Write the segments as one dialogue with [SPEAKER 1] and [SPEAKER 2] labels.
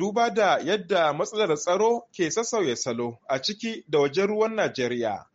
[SPEAKER 1] duba da yadda matsalar tsaro ke sassauya salo a ciki da wajen ruwan Najeriya.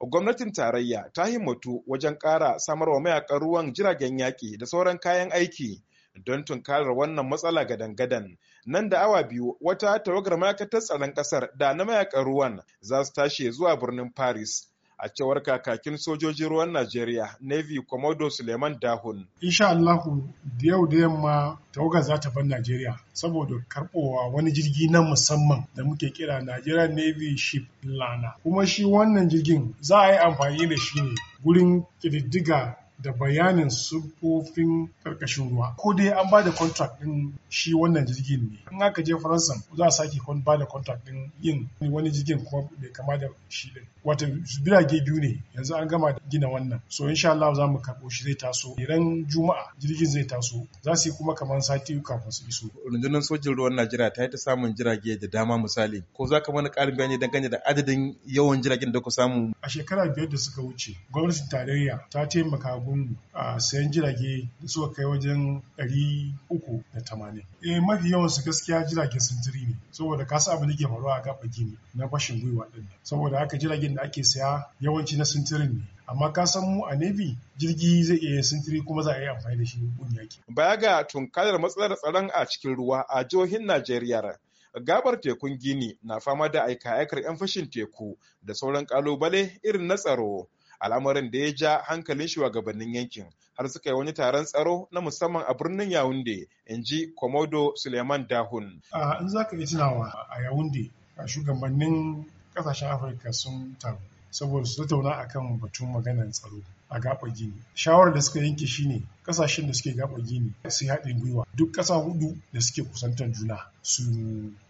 [SPEAKER 1] Gwamnatin tarayya ta himmatu wajen ƙara samar wa mayakan ruwan jiragen yaƙi da sauran kayan aiki don tunkarar wannan matsala gadan-gadan. Nan da awa biyu wata tawagar ma'aikatar tsaron ƙasar da na mayakan ruwan za su tashi zuwa birnin Paris a cewar kakakin sojojin ruwan Najeriya Navy Komodo Suleiman Dahun.
[SPEAKER 2] Insha Allahu da yau da yamma tawaga za ta bar Najeriya saboda karɓowa wani jirgi na musamman da muke kira najeriya Navy Ship Lana. Kuma shi wannan jirgin za a yi amfani da shi ne gurin ƙididdiga da bayanin siffofin karkashin ruwa ko dai an ba da contract din shi wannan jirgin ne in aka je faransa za a sake ba da contract din yin wani jirgin kuma bai kama da shi din Wata birage biyu ne yanzu an gama da gina wannan so insha Allah za mu karɓo shi zai taso idan juma'a jirgin zai taso za su yi kuma kamar sati kafin su iso
[SPEAKER 1] rundunar sojin ruwan Najeriya ta yi ta samun jirage da dama misali ko za ka mana ƙarin bayani dangane da adadin yawan jiragen da ku samu
[SPEAKER 2] a shekara biyar da suka wuce gwamnatin tarayya ta taimaka abun sayan jirage da suka kai wajen 380 eh mafi yawan su gaskiya jiragen sintiri ne saboda kasa abin da ke faruwa a gaba gini na bashin gwiwa din saboda haka jiragen da ake saya yawanci na sintirin ne amma ka san mu a navy jirgi zai iya sintiri kuma za a yi amfani da shi gun yaki
[SPEAKER 1] baya ga tunkarar matsalar tsaron a cikin ruwa a jihohin najeriya gabar tekun gini na fama da aika-aikar 'yan fashin teku da sauran kalubale irin na tsaro al'amarin da ya ja hankalin shugabannin yankin har suka yi wani taron tsaro na musamman a birnin yawunde in ji komodo suleiman dahun
[SPEAKER 2] in za ka yi tunawa a yawunde shugabannin kasashen afirka sun taru saboda su tattauna a kan batun maganar tsaro a gaɓar gini shawarar da suka yanke shine kasashen da suke gaɓar gini su haɗin gwiwa duk ƙasa hudu da suke kusantar juna su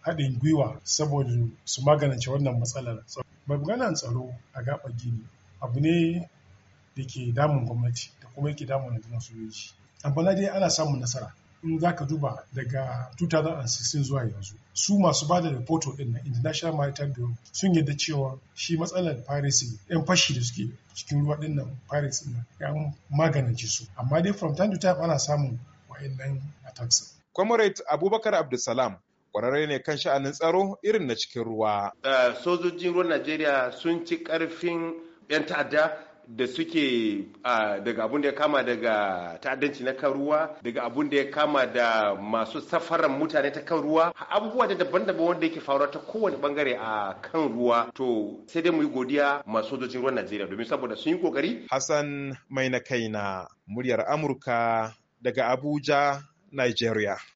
[SPEAKER 2] haɗin gwiwa saboda su magance wannan matsalar maganar tsaro a gaɓar gini abu ne da ke damun gwamnati da kuma yake damun rundunar sojoji amma na dai ana samun nasara in za ka duba daga 2016 zuwa yanzu su masu ba da rahoto din na international maritime bureau sun yadda cewa shi matsalar piracy yan fashi da suke cikin ruwa din nan piracy 'yan ya magance su amma dai from time to time ana samun
[SPEAKER 1] wayannan attacks comrade abubakar abdulsalam kwararre ne kan sha'anin tsaro irin na cikin ruwa sojojin ruwan najeriya sun ci karfin 'yan ta'adda da suke daga abun da ya kama daga ta'addanci na kan ruwa daga abun da ya kama da masu safarar mutane ta kan ruwa abubuwa da daban-daban wanda yake faruwa ta kowane bangare a kan ruwa to sai dai mu yi godiya masu sojojin ruwan Najeriya domin saboda sun yi kokari Hassan mai na kai na muryar Amurka daga Abuja Nigeria